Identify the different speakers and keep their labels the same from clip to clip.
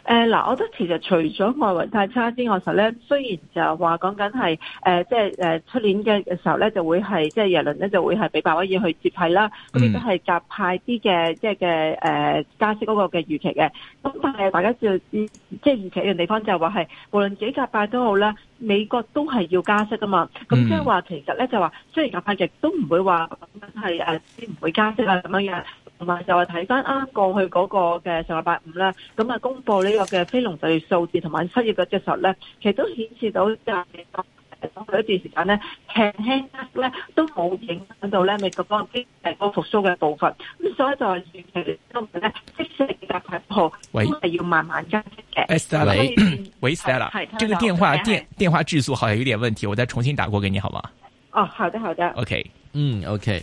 Speaker 1: 誒、呃、我覺得其實除咗外圍太差之外，雖然就話講緊係即係誒出年嘅時候呢，就會係即係耶倫呢，就會係俾鮑威爾去接替啦，咁亦都係鴿派啲嘅即係嘅誒加息嗰個嘅預期嘅，咁但係大家知道，嗯、即係預期嘅地方就話、是、係無論幾鴿派都好啦。美國都係要加息㗎嘛，咁即係話其實呢就話，雖然近排亦都唔會話咁樣係誒唔會加息啦，咁樣樣，同埋就係睇返啱過去嗰個嘅上個禮拜五呢，咁啊公佈呢個嘅非農就業數字同埋七月嘅指數呢，其實都顯示到、就是有一段時間呢，輕輕呢都冇影響到美國方面經濟復甦嘅步伐，咁所以就係短期嚟講咧，即係四大派鋪都係要慢慢跟
Speaker 2: 嘅。 喂，Stella 係，這個電話是是是電話質素好像有點問題，我再重新打過俾你好嗎？
Speaker 1: 哦，好的，好的。
Speaker 3: OK，嗯，OK。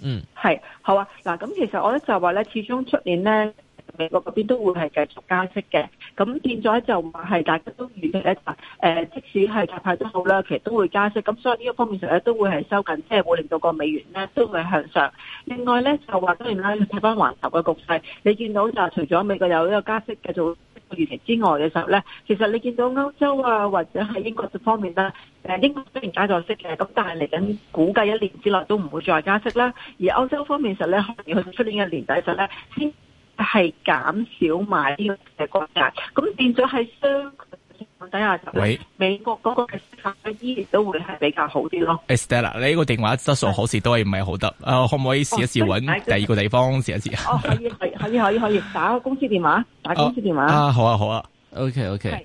Speaker 2: 嗯，
Speaker 1: 係，好啊，嗱，咁其實我咧就話咧，始終出年咧，美國嗰邊都會係繼續加息嘅，咁變咗就唔係大家都預期咧誒，即使係鴿派都好啦，其實都會加息，咁所以呢個方面上咧都會係收緊，即係會令到個美元咧都會向上。另外咧就話當然啦，睇返環球嘅局勢，你見到就除咗美國有一個加息嘅，就預期之外嘅時候咧，其實你見到歐洲啊，或者係英國方面啦，誒英國雖然加咗息嘅，咁但係嚟緊估計一年之內都唔會再加息啦。而歐洲方面實咧，可能佢出年嘅年底就咧先係減少買呢個嘅國債，咁變咗係。等下喂，美國嗰個嘅色彩依然都
Speaker 2: 會係比較好啲咯。Hey Stella 你呢個電話質素好似都係唔係好得，誒、啊，可唔可以試一試搵第二個地方試一試啊？哦
Speaker 1: oh,，可以，可以，可以，可以，打公
Speaker 3: 司電話，打公司電話、oh, ah, 啊！好啊，好啊，OK，OK。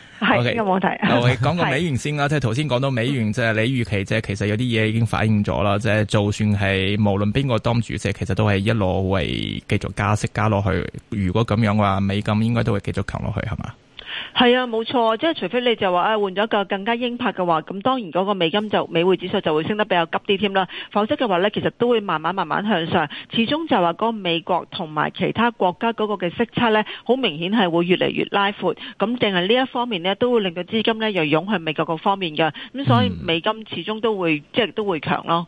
Speaker 1: 係呢 Okay, 個問題，我哋講個美元
Speaker 2: 先啦，即係頭先講到美元，是即係你預期，即係其實有啲嘢已經反映咗啦，即係就算係無論邊個當主席，即係其實都係一路會繼續加息加落去。如果咁樣嘅話，美金應該都會繼續強落去，係嘛？
Speaker 1: 係啊，冇錯，即係除非你就話啊換咗個更加鷹派嘅話，咁當然嗰個美金就美匯指數就會升得比較急啲添啦。否則嘅話呢，其實都會慢慢慢慢向上，始終就話嗰個美國同埋其他國家嗰個嘅息差呢，好明顯係會越嚟越拉闊。咁淨係呢一方面呢，都會令到資金呢又湧向美國各方面嘅。咁所以美金始終都會即係都會強咯。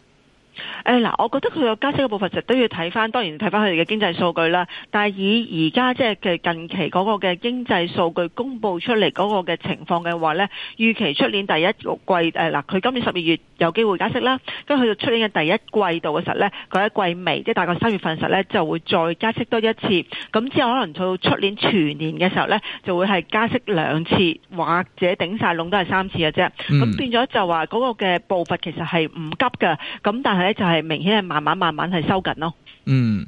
Speaker 1: 誒，嗱，我覺得佢個加息嘅步伐實都要睇翻，當然睇翻佢哋嘅經濟數據啦。但係以而家即係近期嗰個嘅經濟數據公布出嚟嗰個嘅情況嘅話呢，預期出年第一季誒，嗱，佢今年十二月有機會加息啦，跟住去到出年嘅第一季度嘅時候呢，佢喺季尾，即係大概三月份嘅時候呢，就會再加息多一次。咁之後可能到出年全年嘅時候呢，就會係加息兩次或者頂晒籠都係三次嘅啫。咁，嗯，變咗就話嗰個嘅步伐其實係唔急嘅。咁但係就係明顯係慢慢慢慢係收緊咯。嗯。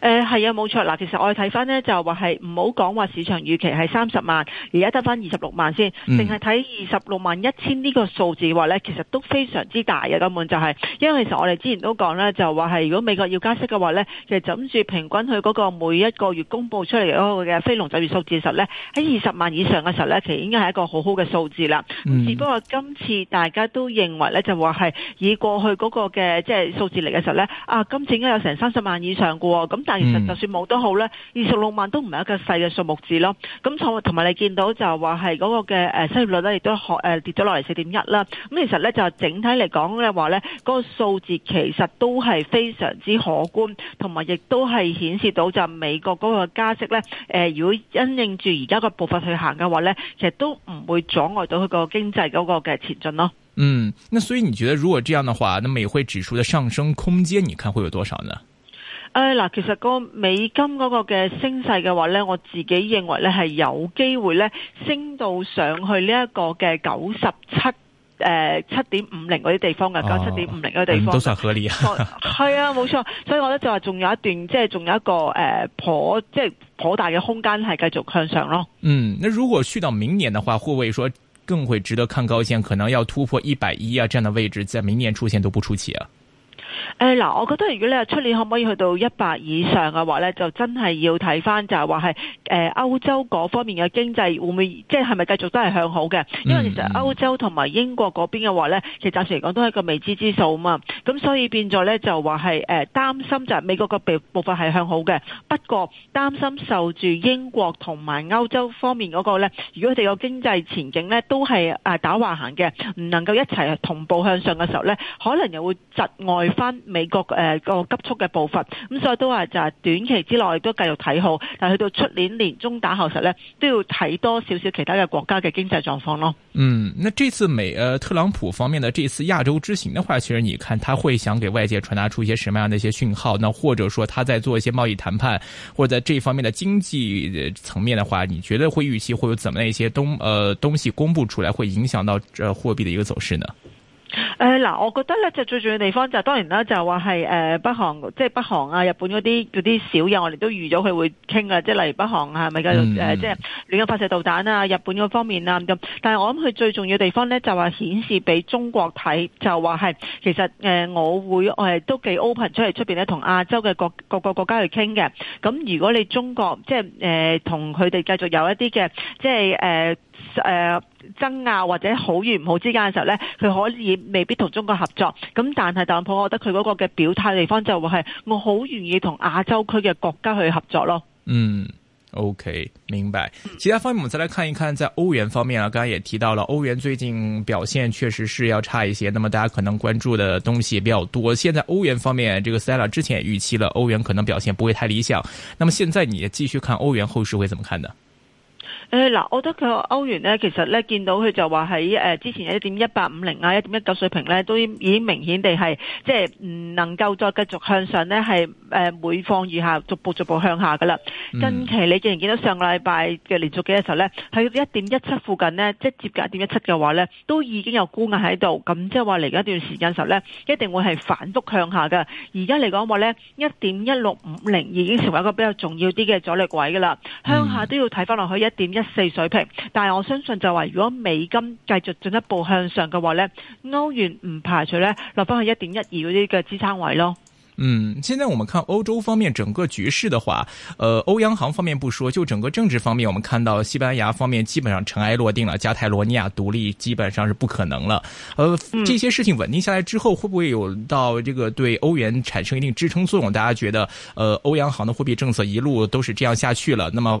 Speaker 1: 誒，係啊、嗯，冇錯嗱。其實我哋睇翻呢，就話係唔好講話市場預期係三十萬，而家得翻二十六萬先，淨係睇二十六萬一千呢個數字話呢，其實都非常之大嘅。根本就係、是，因為其實我哋之前都講啦，就話係如果美國要加息嘅話呢，其實諗住平均佢嗰個每一個月公布出嚟個嘅非農就業數字嘅時候呢，喺二十萬以上嘅時候咧，其實應該係一個好好嘅數字啦。嗯、只不過今次大家都認為呢，就話係以過去嗰個嘅即係數字嚟嘅時候咧，啊，今次應該有成三十萬以上嘅喎。咁、嗯、但係其實就算冇都好咧，二十六萬都唔係一個細嘅數目字咯。咁同埋你見到就話話係嗰個嘅誒失業率咧，亦都跌咗落嚟，四點一啦。咁其實咧就整體嚟講嘅話咧，嗰、那個數字其實都係非常之可觀，同埋亦都係顯示到就美國嗰個加息咧誒、呃，如果因應住而家個步伐去行嘅話咧，其實都唔會阻礙到佢個經濟嗰個嘅前進咯。
Speaker 2: 嗯，那所以你覺得如果這樣的話，咁美匯指數嘅上升空間，你看會有多少呢？
Speaker 1: 誒，嗱，其實那個美金嗰個嘅升勢嘅話咧，我自己認為咧係有機會咧升到上去呢一個嘅九十七誒七點五零嗰啲地方嘅，九十七點五零啲地方、哦嗯、都算
Speaker 2: 合理啊。
Speaker 1: 係啊，冇錯，所以我覺得就話仲有一段即係仲有一個誒、呃、頗即係頗，頗大嘅空間係繼續向上咯。嗯，
Speaker 2: 那如果去到明年嘅話，會唔會說更會值得看高線？可能要突破一百一啊，這樣的位置在明年出現都不出奇啊。
Speaker 1: 誒，嗱，我覺得如果你話出年可唔可以去到一百以上嘅話咧，就真係要睇翻就係話係誒歐洲嗰方面嘅經濟會唔會，即係係咪繼續都係向好嘅？因為其實歐洲同埋英國嗰邊嘅話咧，其實暫時嚟講都係一個未知之數啊嘛。咁所以變咗咧就話係誒擔心就係美國個步步伐係向好嘅，不過擔心受住英國同埋歐洲方面嗰個咧，如果佢哋個經濟前景咧都係誒打橫行嘅，唔能夠一齊同步向上嘅時候咧，可能又會窒礙翻。美國誒個急速嘅步伐，咁所以都話就係短期之內都繼續睇好，但係去到出年年中打後實呢，都要睇多少少其他嘅國家嘅經濟
Speaker 2: 狀況咯。嗯，那這次美誒、呃、特朗普方面嘅這次亞洲之行嘅話，其實你看他會想給外界傳達出一些什麼樣嘅一些訊號？那或者說他在做一些貿易談判，或者在這方面的經濟層面嘅話，你覺得會預期會有怎麼樣一些東誒、呃、東西公布出來，會影響到這貨幣嘅一個走勢呢？
Speaker 1: 誒，嗱、呃，我覺得咧就最重要嘅地方就是，當然啦，就話係誒北韓，即係北韓啊，日本嗰啲嗰啲小嘢我哋都預咗佢會傾㗎。即係例如北韓啊，係咪繼續？誒、嗯，即係亂咁發射導彈啊，日本嗰方面啊咁。但係我諗佢最重要嘅地方咧，就話顯示俾中國睇，就話係其實誒，我會誒都幾 open 出嚟出邊咧，同亞洲嘅各各個國家去傾嘅。咁如果你中國即係誒同佢哋繼續有一啲嘅即係誒。就是呃誒、呃，爭拗或者好與唔好之間嘅時候呢，佢可以未必同中國合作。咁但係特朗普，我覺得佢嗰個嘅表態地方就話、是、係，我好願意同亞洲區嘅國家去合作咯。
Speaker 2: 嗯，OK，明白。其他方面，我們再來看一，看在歐元方面啊，剛才也提到了歐元最近表現確實是要差一些。那麼大家可能關注的東西也比較多。現在歐元方面，這個 Stella 之前預期了歐元可能表現不會太理想。那麼現在你繼續看歐元後市會怎麼看呢？
Speaker 1: 誒嗱，我覺得佢歐元咧，其實咧見到佢就話喺誒之前一點一八五零啊、一點一九水平咧，都已經明顯地係即係唔能夠再繼續向上咧，係誒每況愈下，逐步逐步向下噶啦。嗯、近期你仍然見到上個禮拜嘅連續幾日時候咧，喺一點一七附近呢，即係接近一點一七嘅話咧，都已經有沽壓喺度，咁即係話嚟緊一段時間時候咧，一定會係反覆向下嘅。而家嚟講話咧，一點一六五零已經成為一個比較重要啲嘅阻力位噶啦，向下都要睇返落去一點一。1. 1一四水平，但係我相信就話，如果美金繼續進一步向上嘅話咧，歐元唔排除咧落翻去一點一二嗰啲嘅支撐位咯。嗯，
Speaker 2: 現在我們看歐洲方面整個局勢的話，呃，歐央行方面不說，就整個政治方面，我們看到西班牙方面基本上塵埃落定了，加泰羅尼亞獨立基本上是不可能了。呃，這些事情穩定下來之後，會不會有到這個對歐元產生一定支撐作用？大家覺得？呃，歐央行的貨幣政策一路都是這樣下去了，那麼，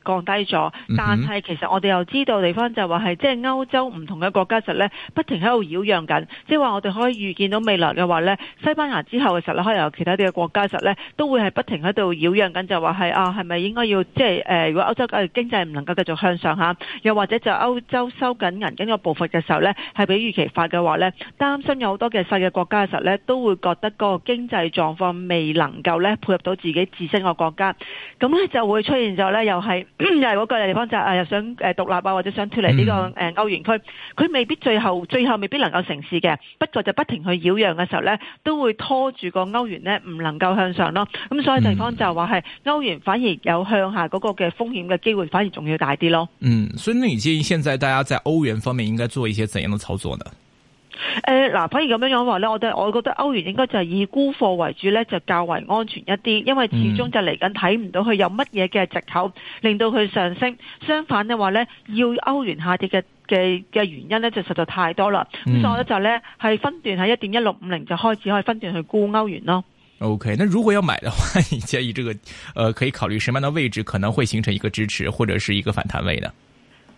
Speaker 1: 降低咗，但係其實我哋又知道地方就話係即係歐洲唔同嘅國家實咧，不停喺度擾攘緊。即係話我哋可以預見到未來嘅話咧，西班牙之後嘅時候咧，可能有其他啲嘅國家實咧，都會係不停喺度擾攘緊，就話、是、係啊，係咪應該要即係誒？如果歐洲嘅經濟唔能夠繼續向上嚇，又或者就歐洲收緊銀根個步伐嘅時候咧，係比預期快嘅話咧，擔心有好多嘅細嘅國家實咧，都會覺得個經濟狀況未能夠咧配合到自己自身嘅國家，咁咧就會出現咗咧，又係。嗯、又係嗰個地方就誒，又想誒獨立啊，或者想脫離呢個誒歐元區，佢、嗯、未必最後最後未必能夠成事嘅，不過就不停去擾攘嘅時候咧，都會拖住個歐元咧，唔能夠向上咯。咁所以地方就話係歐元反而有向下嗰個嘅風險嘅機會，反而仲要大啲咯。嗯，
Speaker 2: 所以你建議現在大家在歐元方面應該做一些怎樣嘅操作呢？
Speaker 1: 誒，嗱、呃，反而咁樣樣話咧，我哋我覺得歐元應該就係以沽貨為主咧，就較為安全一啲，因為始終就嚟緊睇唔到佢有乜嘢嘅借口令到佢上升。相反嘅話咧，要歐元下跌嘅嘅嘅原因咧就實在太多啦。咁所以我咧就咧係分段喺一點一六五零就開始可以分段去沽歐元咯。
Speaker 2: O、okay, K，那如果要買的話，你建議這個，誒、呃，可以考慮什麼樣的位置可能會形成一個支持或者是一個反彈位呢？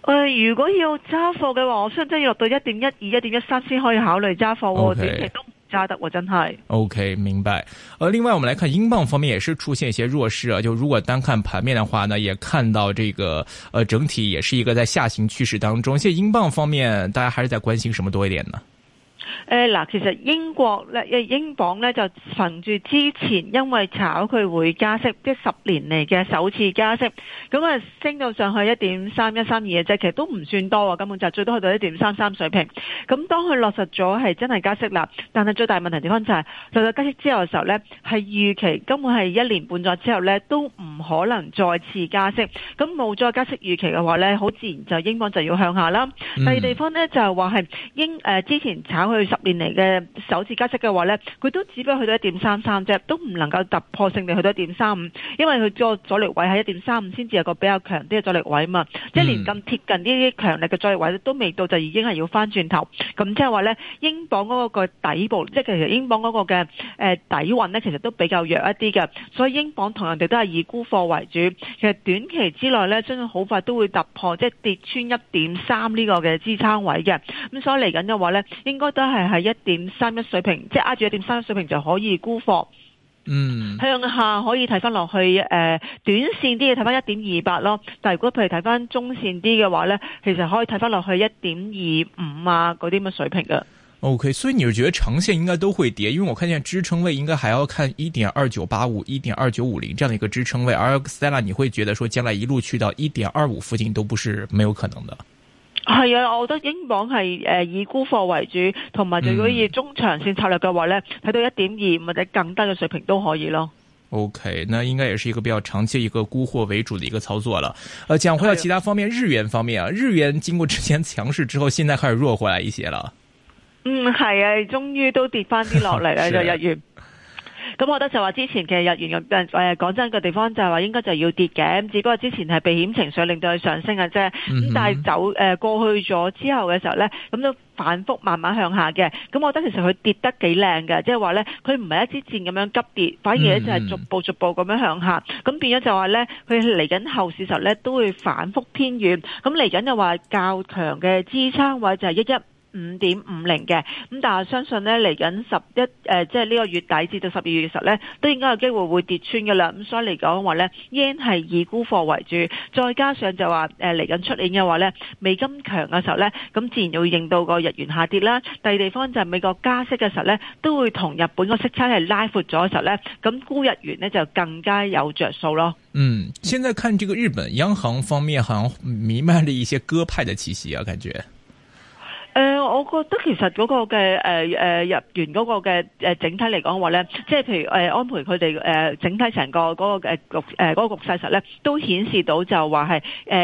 Speaker 1: 呃，如果要揸貨嘅話，我相信真係要落到一點一二、一點一三先可以考慮揸貨，其實 Okay. 都唔揸得喎，真係。
Speaker 2: OK，明白。呃，另外我們來看英鎊方面，也是出現一些弱勢啊。就如果單看盤面嘅話呢，呢也看到這個，呃，整體也是一個在下行趨勢當中。現在英鎊方面，大家還是在關心什麼多一點呢？
Speaker 1: 誒嗱，其實英國咧，英英鎊咧就憑住之前因為炒佢會加息，即係十年嚟嘅首次加息，咁啊升到上去一點三一三二嘅啫，其實都唔算多啊，根本就最多去到一點三三水平。咁當佢落實咗係真係加息啦，但係最大問題地方就係、是，就到加息之後嘅時候咧，係預期根本係一年半載之後咧都唔可能再次加息，咁冇咗加息預期嘅話咧，好自然就英鎊就要向下啦。嗯、第二地方咧就係話係英誒之前炒。去十年嚟嘅首次加息嘅話咧，佢都只不過去到一點三三啫，都唔能夠突破性地去到一點三五，因為佢個阻力位喺一點三五先至有個比較強啲嘅阻力位啊嘛，即係、嗯、連咁貼近呢啲強力嘅阻力位都未到，就已經係要翻轉頭。咁即係話咧，英鎊嗰個嘅底部，即、就、係、是、其實英鎊嗰個嘅誒底蘊咧，其實都比較弱一啲嘅，所以英鎊同人哋都係以沽貨為主。其實短期之內咧，相信好快都會突破，即、就、係、是、跌穿一點三呢個嘅支撐位嘅。咁所以嚟緊嘅話咧，應該都。都係一點三一水平，即係壓住一點三一水平就可以沽貨。嗯，向下可以睇翻落去誒、呃，短綫啲嘅睇翻一點二八咯。但係如果譬如睇翻中綫啲嘅話咧，其實可以睇翻落去一點二五啊，嗰啲咁嘅水
Speaker 2: 平嘅。O、okay, K，所以你會覺得長綫應該都會跌，因為我看見支撐位應該還要看一點二九八五、一點二九五零這樣的一個支撐位。而 Stella，你會覺得說將來一路去到一點二五附近都不是沒有可能的。
Speaker 1: 係啊，我覺得英鎊係誒以沽貨為主，同埋如果以中長線策略嘅話咧，睇、嗯、到一點二或者更低嘅水平都
Speaker 2: 可以咯。OK，那應該也是一個比較長期一個沽貨為主嘅一個操作啦。誒、呃，講回到其他方面，啊、日元方面啊，日元經過之前強勢之後，現在開始弱回來一些啦。
Speaker 1: 嗯，係啊，終於都跌翻啲落嚟啦，就、 啊、日元。咁我覺得就話之前其實日元嘅、呃、講真個地方就係話應該就要跌嘅，只不過之前係避險情緒令到佢上升嘅啫。咁但係走、呃、過去咗之後嘅時候咧，咁都反覆慢慢向下嘅。咁我覺得其實佢跌得幾靚嘅，即係話咧，佢唔係一支箭咁樣急跌，反而咧就係逐步逐步咁樣向下。咁變咗就話咧，佢嚟緊後市時候咧都會反覆偏軟。咁嚟緊就話較強嘅支撐位就係一一五點五零嘅，咁但係相信呢嚟緊十一誒，即係呢個月底至到十二月嘅時候呢，都應該有機會會跌穿嘅啦。咁所以嚟講話呢，yen 係以沽貨為主，再加上就話誒嚟緊出年嘅話呢，美金強嘅時候呢，咁自然會令到個日元下跌啦。第二地方就係美國加息嘅時候呢，都會同日本個息差係拉闊咗嘅時候呢，咁沽日元呢就更加有着數咯。
Speaker 2: 嗯，現在看這個日本央行方面，好像彌漫着一些鴿派的氣息啊，感覺。
Speaker 1: 誒、呃，我覺得其實嗰個嘅誒誒日元嗰個嘅誒整體嚟講話咧，即係譬如誒安倍佢哋誒整體成個嗰個誒局誒嗰、呃、局勢、呃、實咧，都顯示到就話係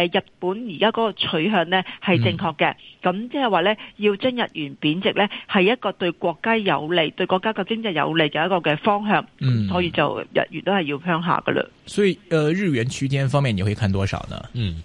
Speaker 1: 誒日本而家嗰個取向咧係正確嘅，咁即係話咧要將日元貶值咧係一個對國家有利、對國家嘅經濟有利嘅一個嘅方向，嗯、所以就日元都係要向下噶嘞。
Speaker 2: 所以，誒、呃、日元區間方面，你會看多少呢？嗯。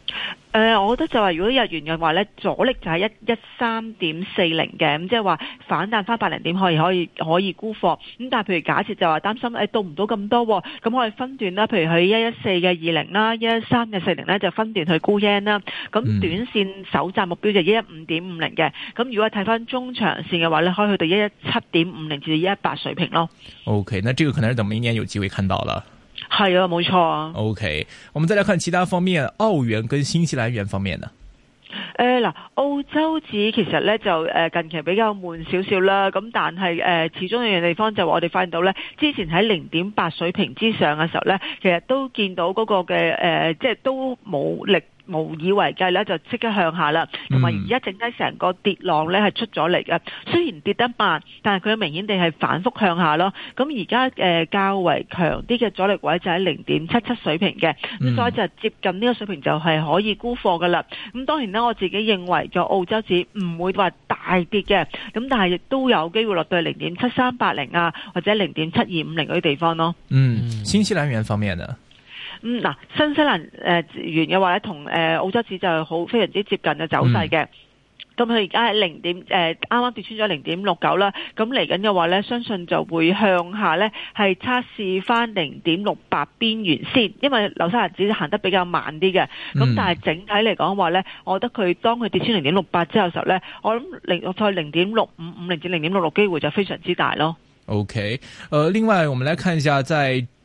Speaker 1: 誒、呃，我覺得就話，如果日元嘅話咧，阻力就係一一三點四零嘅，咁即係話反彈翻百零點可以可以可以沽貨。咁但係譬如假設就話擔心、哎、到唔到咁多、哦，咁我哋分段啦，譬如去一一四嘅二零啦，一一三嘅四零咧就分段去沽 yen 啦。咁短線首站目標就一一五點五零嘅。咁如果睇翻中長線嘅話咧，可以去到一一七點五零至到一一八水平咯。
Speaker 2: OK，那這個可能是等明年有機會看到啦係啊，冇錯啊。OK，我們再來看其他方面，澳元跟新西蘭元方面呢？
Speaker 1: 誒，嗱，澳洲指其實咧就誒近期比較悶少少啦，咁但係誒、呃、始終有樣地方就我哋發現到咧，之前喺零點八水平之上嘅時候咧，其實都見到嗰個嘅誒、呃、即係都冇力。無以為繼咧，就即刻向下啦。同埋而家整體成個跌浪咧，係出咗嚟嘅。雖然跌得慢，但係佢明顯地係反復向下咯。咁而家誒較為強啲嘅阻力位就喺零點七七水平嘅，咁、嗯、所以就接近呢個水平就係可以沽貨噶啦。咁當然啦，我自己認為就澳洲指唔會話大跌嘅，咁但係亦都有機會落到零點七三八零啊，或者零點七二五零嗰啲地方咯。嗯，
Speaker 2: 新西蘭元方面呢？
Speaker 1: 咁嗱、嗯，新西蘭誒元嘅話咧，同誒、呃、澳洲紙就係好非常之接近嘅走勢嘅。咁佢而家係零點誒，啱、呃、啱跌穿咗零點六九啦。咁嚟緊嘅話咧，相信就會向下咧，係測試返零點六八邊緣先。因為紐西蘭紙行得比較慢啲嘅。咁、嗯、但係整體嚟講嘅話咧，我覺得佢當佢跌穿零點六八之後嘅時候咧，我諗零再零點六五五零至零點六六機會就非常之大咯。
Speaker 2: OK，誒、呃，另外我們來看一下在。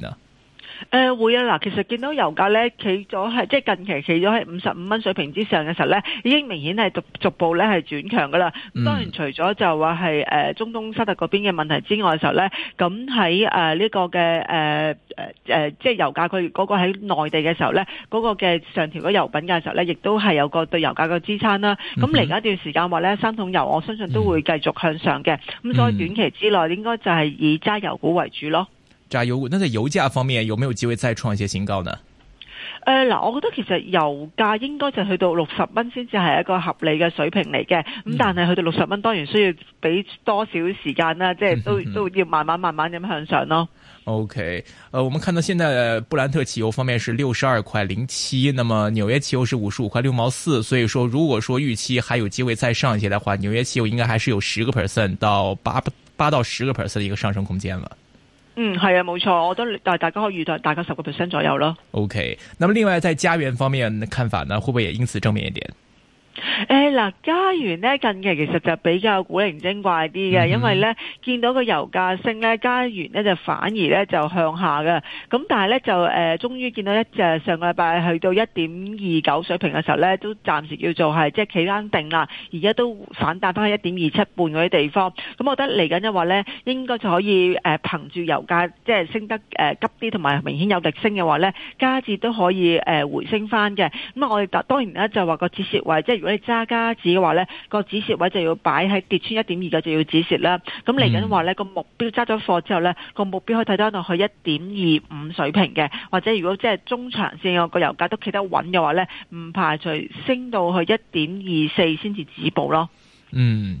Speaker 1: 誒、呃，會啊！嗱，其實見到油價咧企咗係，即係近期企咗喺五十五蚊水平之上嘅時候咧，已經明顯係逐逐步咧係轉強噶啦。嗯、當然，除咗就話係誒中東沙特嗰邊嘅問題之外嘅時候咧，咁喺誒呢個嘅誒誒誒，即係油價佢嗰、那個喺內地嘅時候咧，嗰、那個嘅上調咗油品嘅時候咧，亦都係有個對油價嘅支撐啦。咁嚟緊一段時間話咧，三桶油，我相信都會繼續向上嘅。咁、嗯、所以短期之內，應該就係以揸油股為主咯。
Speaker 2: 加油！那在油價方面，有沒有機會再創一些新高呢？
Speaker 1: 呃嗱，我覺得其實油價應該就去到六十蚊先至係一個合理嘅水平嚟嘅，咁但係去到六十蚊，當然需要俾多少時間啦，嗯、即係都都要慢慢慢慢咁向上咯。
Speaker 2: Okay，呃我們看到現在布蘭特汽油方面是六十二塊零七，那麼紐約汽油是五十五塊六毛四，所以說如果說預期還有機會再上一些嘅話，紐約汽油應該還是有十個 percent 到八八到十個 percent 嘅一個上升空間了。
Speaker 1: 嗯，係啊，冇錯，我覺得大大家可以預到大概十個 percent 左右咯。
Speaker 2: OK，那麼另外在加元方面的看法呢，會不會也因此正面一點？
Speaker 1: 誒，嗱、哎，加元呢，近期其實就比較古靈精怪啲嘅，嗯、因為呢見到個油價升家呢，加元呢就反而呢就向下嘅。咁但係呢，就誒、呃，終於見到一隻上個禮拜去到一點二九水平嘅時候呢，都暫時叫做係即係企翻定啦。而家都反彈翻去一點二七半嗰啲地方。咁、嗯、我覺得嚟緊嘅話呢，應該就可以誒、呃，憑住油價即係升得誒、呃、急啲，同埋明顯有力升嘅話呢，加字都可以誒、呃、回升翻嘅。咁、嗯、啊，我哋當然呢，就話個支持位即係。如果你揸加紙嘅話咧，個止蝕位就要擺喺跌穿一點二嘅就要止蝕啦。咁嚟緊話咧個目標揸咗貨之後咧，個目標可以睇得到去一點二五水平嘅，或者如果即係中長線個油價都企得穩嘅話咧，唔排除升到去一點二四先至止步咯。嗯。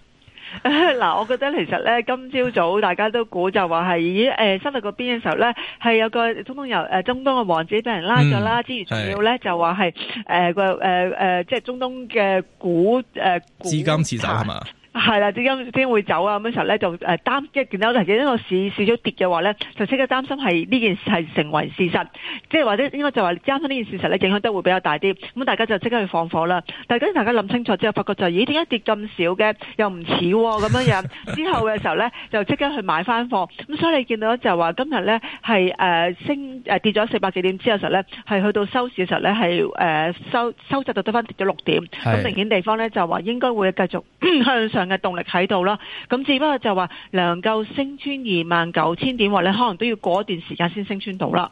Speaker 1: 嗱， 我覺得其實咧，今朝早大家都估就話係，咦，出到嗰邊嘅時候咧，係有個中東由、呃、中東嘅王子俾人拉咗啦，之餘仲要咧就話係誒個誒誒，即係中東嘅股誒資金撤走係嘛？係啦，點解會走啊！咁嘅時候咧，就誒擔一係見到頭先呢個市少咗跌嘅話咧，就即刻擔心係呢件事係成為事實，即係或者應該就話擔心呢件事實咧影響得會比較大啲。咁大家就即刻去放火啦。但係等大家諗清楚之後，發覺就咦、是、點、哎、解跌咁少嘅，又唔似咁樣嘢？之後嘅時候咧，就即刻去買翻貨。咁所以你見到就話今日咧係誒升誒、呃、跌咗四百幾點之後時候咧係去到收市嘅時候咧係誒收收窄到得翻跌咗六點。咁的明顯地方咧就話應該會繼續向上，嘅動力喺度啦，咁只不過就話能夠升穿二萬九千點，話咧，可能都要過一段時間先升穿到啦。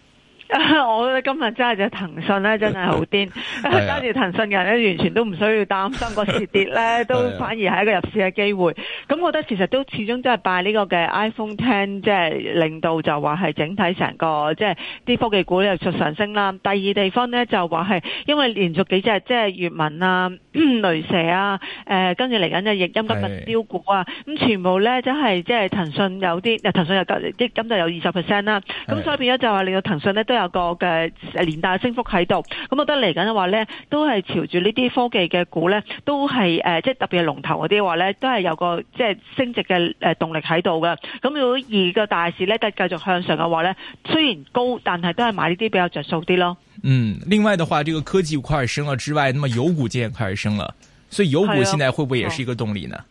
Speaker 1: 我覺得今日真係就騰訊咧，真係好癲，跟住 對呀 騰訊嘅人咧，完全都唔需要擔心個 跌跌咧，都反而係一個入市嘅機會。咁 對呀 我覺得其實都始終都係拜呢個嘅 iPhone Ten 即係令到就話係整體成個即係啲科技股咧上上升啦。第二地方咧，就話係因為連續幾隻即係粵文啦。就是雷蛇啊，誒、呃，跟住嚟緊嘅亦音金物雕股啊，咁是的 全部咧，即係即係騰訊有啲，誒，騰訊有咁就有二十 percent 啦。咁是的 所以變咗就話，令到騰訊咧都有個嘅連帶升幅喺度。咁我覺得嚟緊嘅話咧，都係朝住呢啲科技嘅股咧，都係誒、呃，即係特別係龍頭嗰啲話咧，都係有個即係、就是、升值嘅誒動力喺度㗎。咁如果二個大市咧得繼續向上嘅話咧，雖然高，但係都係買呢啲比較着數啲咯。
Speaker 2: 嗯，另外的話，這個科技快升了之外，那麼油股件開始升了，所以油股現在會不會也是一個動力呢？
Speaker 1: 誒、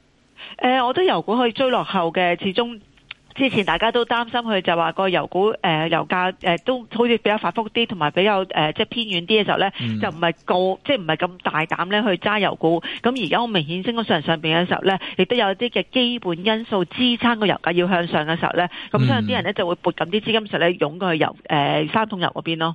Speaker 1: 嗯呃，我覺得油股可以追落後嘅，始終之前大家都擔心佢就話個油股誒、呃，油價、呃、都好似比較反覆啲，同埋比較即、呃、偏遠啲嘅時候呢，嗯、就唔係高，即係唔係咁大膽呢去揸油股。咁而家好明顯升咗上上邊嘅時候呢，亦都有啲嘅基本因素支撐個油價要向上嘅時候呢。咁所以啲人呢就會撥緊啲資金上咧湧過去油誒，三桶油嗰邊咯。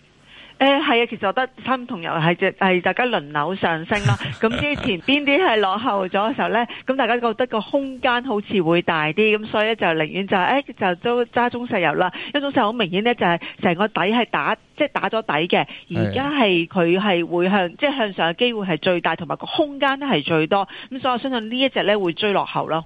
Speaker 1: 誒係啊，其實我覺得差唔同又係只係大家輪流上升啦。咁之前邊啲係落後咗嘅時候咧，咁大家覺得個空間好似會大啲，咁所以咧就寧願就誒、哎、就都揸中石油啦。因為中石油好明顯咧，就係成個底係打即係打咗底嘅，而家係佢係會向即係、就是、向上嘅機會係最大，同埋個空間咧係最多。咁所以我相信呢一隻咧會追落後咯。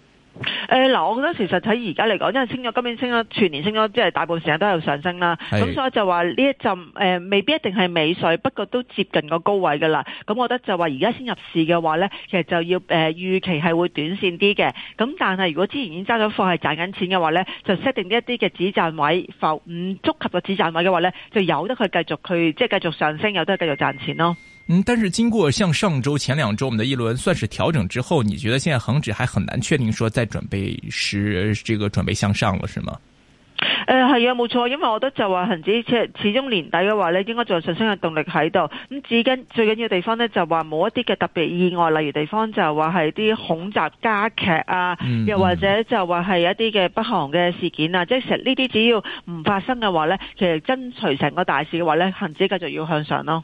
Speaker 1: 誒，嗱、呃，我覺得其實睇而家嚟講，因為升咗，今年升咗，全年升咗，即係大部分時間都係上升啦。咁是所以就話呢一陣誒、呃，未必一定係尾水，不過都接近個高位噶啦。咁我覺得就話而家先入市嘅話咧，其實就要誒、呃、預期係會短線啲嘅。咁但係如果之前已經揸咗貨係賺緊錢嘅話咧，就 set 定一啲嘅止賺位，浮唔觸、嗯、及個止賺位嘅話咧，就有得佢繼續去，即係繼續上升，有得佢繼續賺錢咯。
Speaker 2: 嗯，但是經過像上周前兩周我們的一輪算是調整之後，你覺得現在恒指還很難確定說在準備時，這個準備向上了，是嗎？
Speaker 1: 誒係啊，冇錯，因為我覺得就話恒指始終年底嘅話咧，應該仲有上升嘅動力喺度。咁至今最緊要的地方咧就話冇一啲嘅特別意外，例如地方就話係啲恐襲加劇啊，又或者就話係一啲嘅北韓嘅事件啊，即係成呢啲只要唔發生嘅話咧，其實跟隨成個大市嘅話咧，恒指繼續要向上咯。